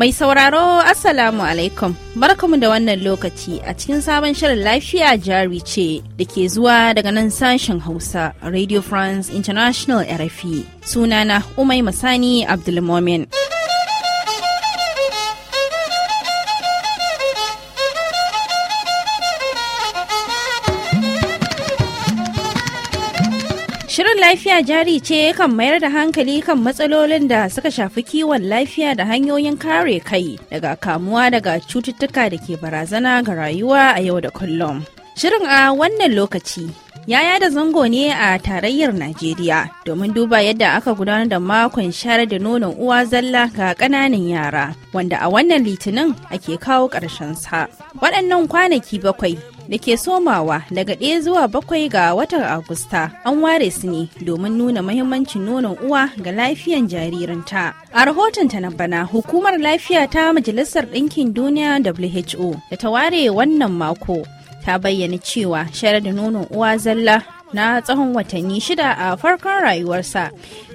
Mai sauraro Assalamu alaikum barkamu da wannan lokaci a cikin sabon shirin lafiya jari ce da ke zuwa daga nan sashen Hausa Radio France International RFI sunana Umai Masani Abdulmomin. lafiya jari ce kan mayar da hankali kan matsalolin da suka shafi kiwon lafiya da hanyoyin kare kai daga kamuwa daga cututtuka da ke barazana ga rayuwa a yau da kullum. Shirin a wannan lokaci yaya da zango ne a tarayyar Najeriya domin duba yadda aka gudanar da makon shayar da nonon uwa zalla ga ƙananan yara wanda a wannan litinin ake kawo ƙarshen sa. Waɗannan kwanaki bakwai da ke somawa daga ɗaya zuwa bakwai ga watan Agusta an ware su ne domin nuna mahimmancin nonon uwa ga lafiyan jaririnta. A rahotonta na bana hukumar lafiya ta Majalisar Ɗinkin Duniya WHO da ta ware wannan mako ta bayyana cewa sharadin nonon uwa zalla na tsawon watanni shida a farkon rayuwarsa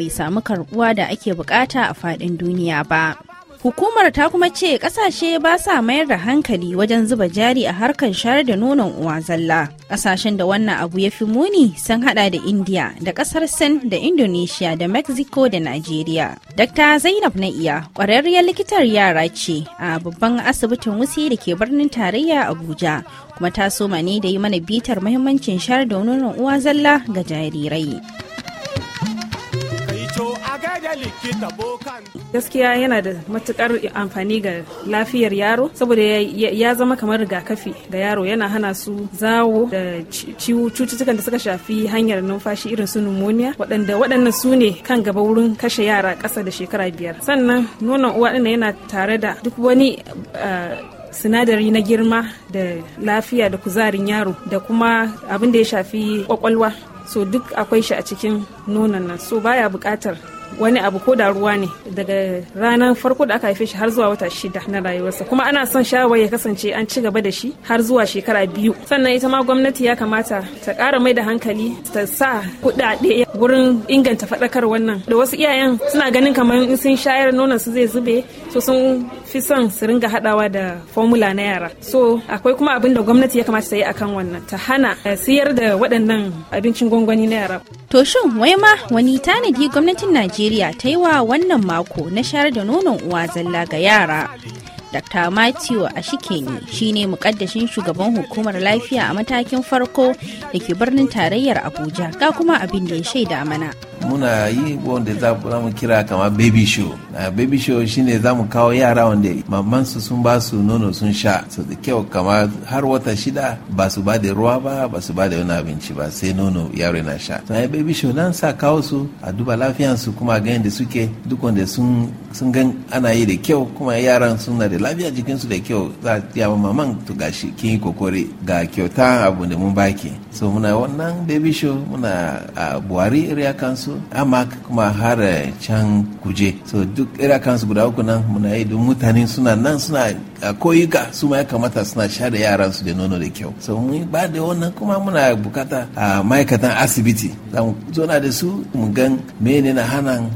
bai samu karbuwa da ake bukata a faɗin duniya ba. Hukumar ta kuma ce kasashe ba sa mayar da hankali wajen zuba jari a harkar shayar da nonon uwa zalla. Kasashen da wannan abu ya fi muni sun hada da India da kasar Sin da Indonesia da Mexico da Nigeria. Dr. Zainab na iya kwararriyar likitar yara ce a babban asibitin Wusi da ke birnin tarayya Abuja kuma ta soma ne da yi mana bitar mahimmancin shayar da nonon uwa zalla ga jarirai. Gaskiya yana da matukar amfani ga lafiyar yaro saboda ya zama kamar rigakafi ga yaro yana hana su zawo da cututtukan da suka shafi hanyar numfashi irin su pneumonia waɗanda waɗannan su ne kan gaba wurin kashe yara ƙasa da shekara biyar. Sannan nonon uwa yana tare da duk wani eh, sinadari na girma da lafiya da kuzarin yaro da kuma abin da ya shafi kwakwalwa so duk akwai shi a cikin nonon nan so baya bukatar wani abu ko da ruwa ne daga ranar farko da aka haife shi har zuwa wata shida na rayuwarsa kuma ana son shawarar ya kasance an ci gaba da shi har zuwa shekara biyu sannan ita ma gwamnati ya kamata ta ƙara mai da hankali ta sa kuɗaɗe wurin inganta faɗakar wannan da wasu iyayen suna ganin kamar in sun shayar nonon su zai zube to sun fi son su ringa hadawa da formula na yara so akwai kuma abin da gwamnati ya kamata ta yi akan wannan ta hana eh, siyar da waɗannan abincin gwangwani na yara to shin wai ma wani tanadi gwamnatin najeriya ta yi wa wannan mako na shayar da nonon uwa zalla ga yara Dr. Matthew Ashikeni shine mukaddashin shugaban hukumar lafiya a matakin farko da ke birnin tarayyar Abuja ga kuma abin da ya shaida mana. muna yi wanda za mu kira kama baby show uh, baby show shine za mu kawo yara wanda mamansu sun ba su nono sun sha su da kyau kama har wata shida ba su ba da ruwa ba ba su ba da wani abinci ba sai nono yaro na sha to so, baby show nan sa kawo su a duba su kuma ga yadda suke duk wanda sun sun gan ana yi da kyau kuma yaran suna da lafiya jikinsu da kyau za a tiya maman to gashi kin yi kokore ga kyauta abu da mun baki so muna wannan baby show muna a buwari buhari area council su amma kuma har can kuje so duk irakansu guda uku nan muna yi don mutane suna nan suna koyuka su ma ya kamata suna share yaran su da nono da kyau so mun ba da wannan kuma muna bukata a ma'aikatan asibiti za mu zona da su mu gan mene na hanan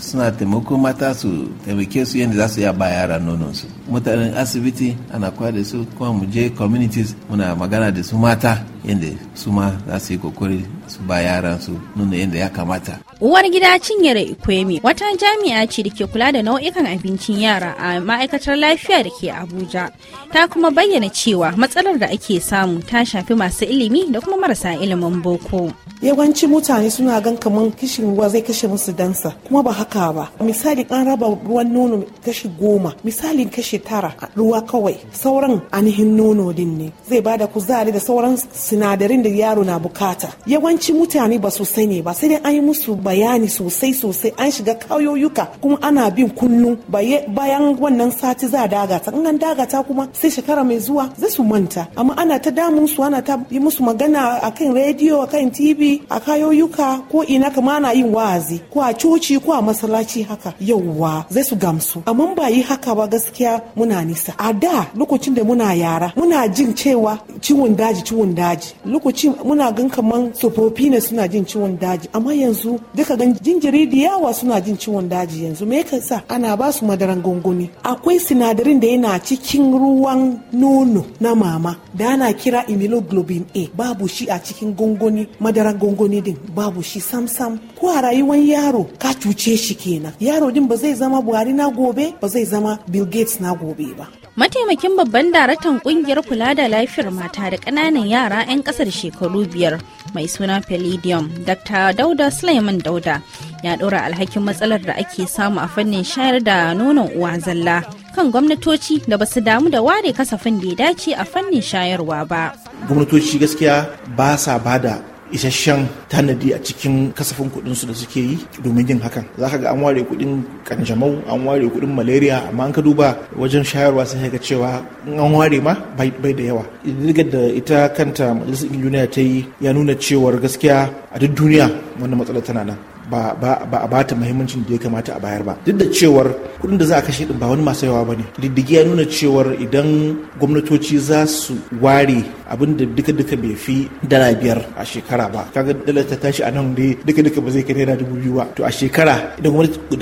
suna taimako mata su taimake su yadda za su ya ba yaran nonon su mutanen asibiti ana kwa da su kuma mu je communities muna magana da su mata yadda su ma za su yi kokori su ba yaran su nuna yadda ya kamata Uwar gida Cinyere Ikwemi wata jami'a ce da ke kula da nau'ikan abincin yara a ma'aikatar lafiya da ke Abuja. Ta kuma bayyana cewa matsalar da ake samu ta shafi masu ilimi da kuma marasa ilimin boko. Yawanci mutane suna gan kamar kishin ruwa zai kashe musu dansa kuma ba haka ba. Misali an raba ruwan nono kashi goma, misalin kashi tara ruwa kawai sauran ainihin nono din ne zai bada kuzari da sauran sinadarin da yaro na bukata. Yawanci mutane ba su sani ba sai dai an yi musu bayani sosai sosai an shiga kayoyuka kuma ana bin kunnu bayan wannan sati za a dagata in an dagata kuma sai shekara mai zuwa zai su manta amma ana ta damun su ana ta yi musu magana akan rediyo akan tv a kayoyuka ko ina kama ana yin wa'azi ko a coci ko a masallaci haka yauwa zai su gamsu amma ba yi haka ba gaskiya muna nisa a da lokacin da muna yara muna jin cewa ciwon daji ciwon daji lokacin muna gan kaman tsofaffi ne suna jin ciwon daji amma yanzu duka gan jinjiri da yawa suna jin ciwon daji yanzu me yake sa ana ba su madaran gongoni akwai sinadarin da yana cikin ruwan nono na mama da ana kira immunoglobulin A babu shi a cikin gongoni madaran gongoni din babu shi sam sam ko a rayuwar yaro ka cuce shi kenan yaro din ba zai zama Buhari na gobe ba zai zama Bill Gates na gobe ba mataimakin babban daraktan kungiyar kula da lafiyar mata da ƙananan yara 'yan ƙasar shekaru biyar mai suna palladium dr dauda suleiman dauda ya ɗora alhakin matsalar da ake samu a fannin shayar da nonon uwa zalla kan gwamnatoci da basu damu da ware kasafin da ya dace a fannin shayarwa ba gwamnatoci gaskiya ba sa bada isasshen tanadi a cikin kasafin su da suke yi domin yin hakan za ka ga an ware kuɗin kanjamau an ware kuɗin malaria amma an ka duba wajen shayarwa sai ka cewa an ware ma bai da yawa daga da ita kanta majalisar injiniya ta yi ya nuna cewar gaskiya a duk duniya wannan matsalar tana nan ba a bata muhimmancin da ya kamata a bayar ba duk da cewar kudin da za a kashe din ba wani masu yawa bane diddigi ya nuna cewar idan gwamnatoci za su ware abin da duka duka bai fi dala biyar a shekara ba kaga dala ta tashi a nan dai duka duka ba zai kai naira dubu biyu ba to a shekara idan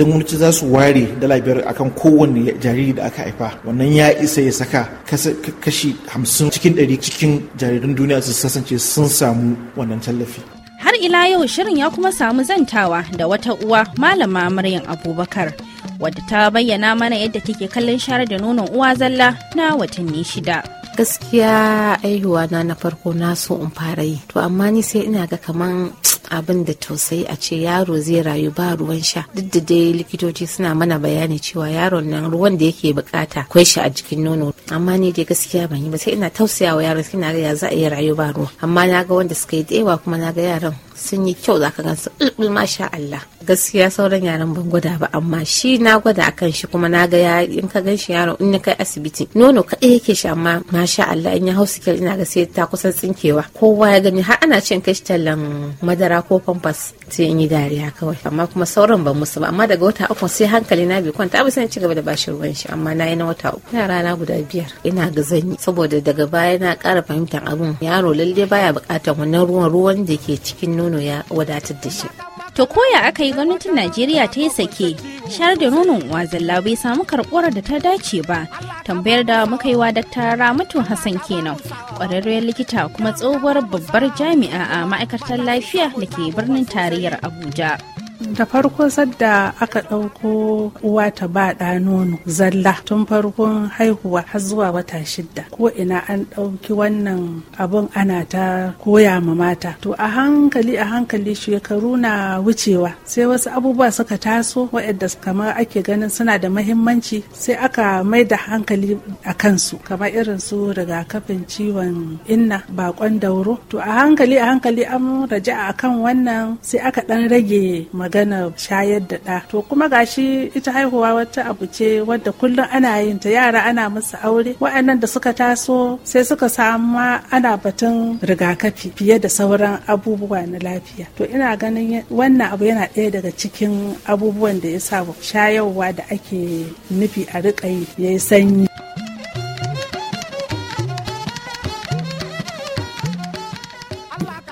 gwamnati za su ware dala biyar akan kowanne jariri da aka haifa wannan ya isa ya saka kashi hamsin cikin ɗari cikin jaririn duniya su sasance sun samu wannan tallafi har ila yau shirin ya kuma samu zantawa da wata uwa malama Maryam Abubakar wadda ta bayyana mana yadda take kallon share da nonon uwa zalla na watanni shida. Gaskiya aihuwa na na farko na so in fara yi to amma ni sai ina ga kaman abin da tausayi a ce yaro zai rayu ba ruwan sha duk da dai likitoci suna mana bayani cewa yaron nan ruwan da yake bukata kwai shi a jikin nono amma ni dai gaskiya ban yi ba sai ina tausayawa yaron sai ga ya za a iya rayu ba ruwa amma na ga wanda suka yi da yawa kuma na ga yaron. sun yi kyau zaka su ɗulɗul mm, mm, masha Allah gaskiya sauran yaran ban gwada ba amma shi na gwada akan shi kuma na ga in ka gan shi yaro in ya kai asibiti nono kaɗai yake shi amma masha Allah in ya hau sikil ina ga sai ta kusan tsinkewa kowa ya gani har ana cin kashi tallan madara ko pampas sai in yi dariya kawai amma kuma sauran ban musu ba amma daga wata uku sai hankali na bi kwanta ba sai ci gaba da bashi ruwan shi amma na yi na wata uku yara rana guda biyar ina ga yi. saboda daga baya na kara fahimtar abun yaro lalle baya buƙatar wannan ruwan ruwan da ke cikin nono ya wadatar da shi to koya aka yi gwamnatin najeriya ta yi sake shar da nonon uwa zalla bai samu karɓuwar da ta dace ba tambayar da muka yi wa daktar ramatu hassan kenan ƙwararriyar likita kuma tsohuwar babbar jami'a a ma'aikatar lafiya da ke birnin tarayyar abuja da farko sadda aka ɗauko uwa ta ba ɗa nono zalla tun farkon haihuwa har zuwa wata shidda ko ina an ɗauki wannan abun ana ta koya ma mata to a hankali a hankali shekaru na wucewa sai wasu abubuwa suka taso waɗanda kamar ake ganin suna da mahimmanci sai aka mai da hankali a kansu kamar irin su rigakafin ciwon inna bakon dauro to a hankali a hankali an raja a kan wannan sai aka ɗan rage magana magana shayar da ɗa to kuma gashi ita haihuwa wata abu ce wadda kullum ana yin ta yara ana musu aure wa'annan da suka taso sai suka samu ana batun rigakafi fiye da sauran abubuwa na lafiya to ina ganin wannan abu yana ɗaya daga cikin abubuwan da ya sa shayarwa da ake nufi a riƙa yi ya yi sanyi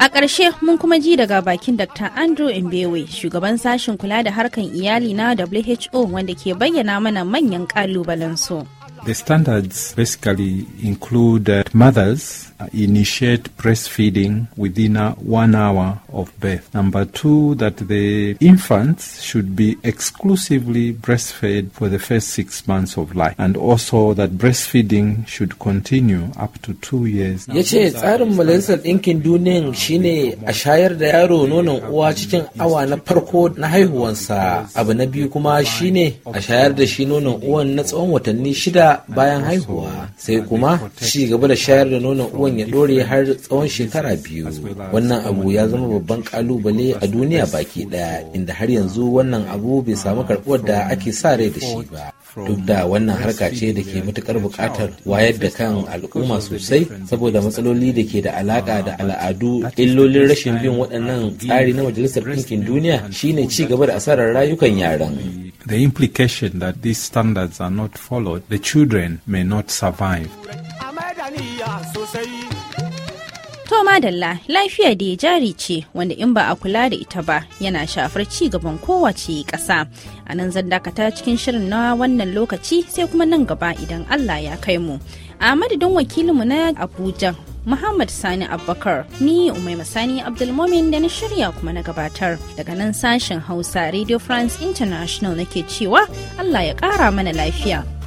A ƙarshe mun kuma ji daga bakin Dr. Andrew Mbewe, shugaban sashen kula da harkan iyali na WHO wanda ke bayyana mana manyan ƙalubalen su. The standards basically include that mothers initiate breastfeeding within one hour of birth. Number two, that the infants should be exclusively breastfed for the first six months of life, and also that breastfeeding should continue up to two years. Ya ce tsarin Majalisar Ɗinkin Duniyan shine a shayar da yaro nonon uwa cikin awa na farko na haihuwansa. Abu na biyu kuma shine a shayar da shi nonon uwan na tsawon watanni shida bayan haihuwa sai kuma ci gaba da shayar da nonon uwan ya dore har tsawon shekara biyu wannan abu ya zama babban kalubale a duniya baki daya inda har yanzu wannan abu bai samu karbuwar da ake sa rai da shi ba duk da wannan harka ce da ke matukar bukatar wayar da kan al'umma sosai saboda matsaloli da ke da uh, alaka da al'adu illolin rashin bin waɗannan tsari na majalisar ɗinkin duniya shine ci gaba da asarar rayukan yaran The implication that these standards are not followed, the children may not survive. To madalla lafiya da ya jari ce wanda in ba a kula da ita ba yana shafar ci gaban kowace ƙasa. A nan zan dakata cikin shirin na wannan lokaci sai kuma nan gaba idan Allah ya kai mu. A madadin wakilinmu na Abuja Muhammad Sani Abubakar ni Umaima Sani Abdulmomin da na shirya kuma na gabatar daga nan sashen Hausa Radio France International nake cewa Allah ya ƙara mana lafiya.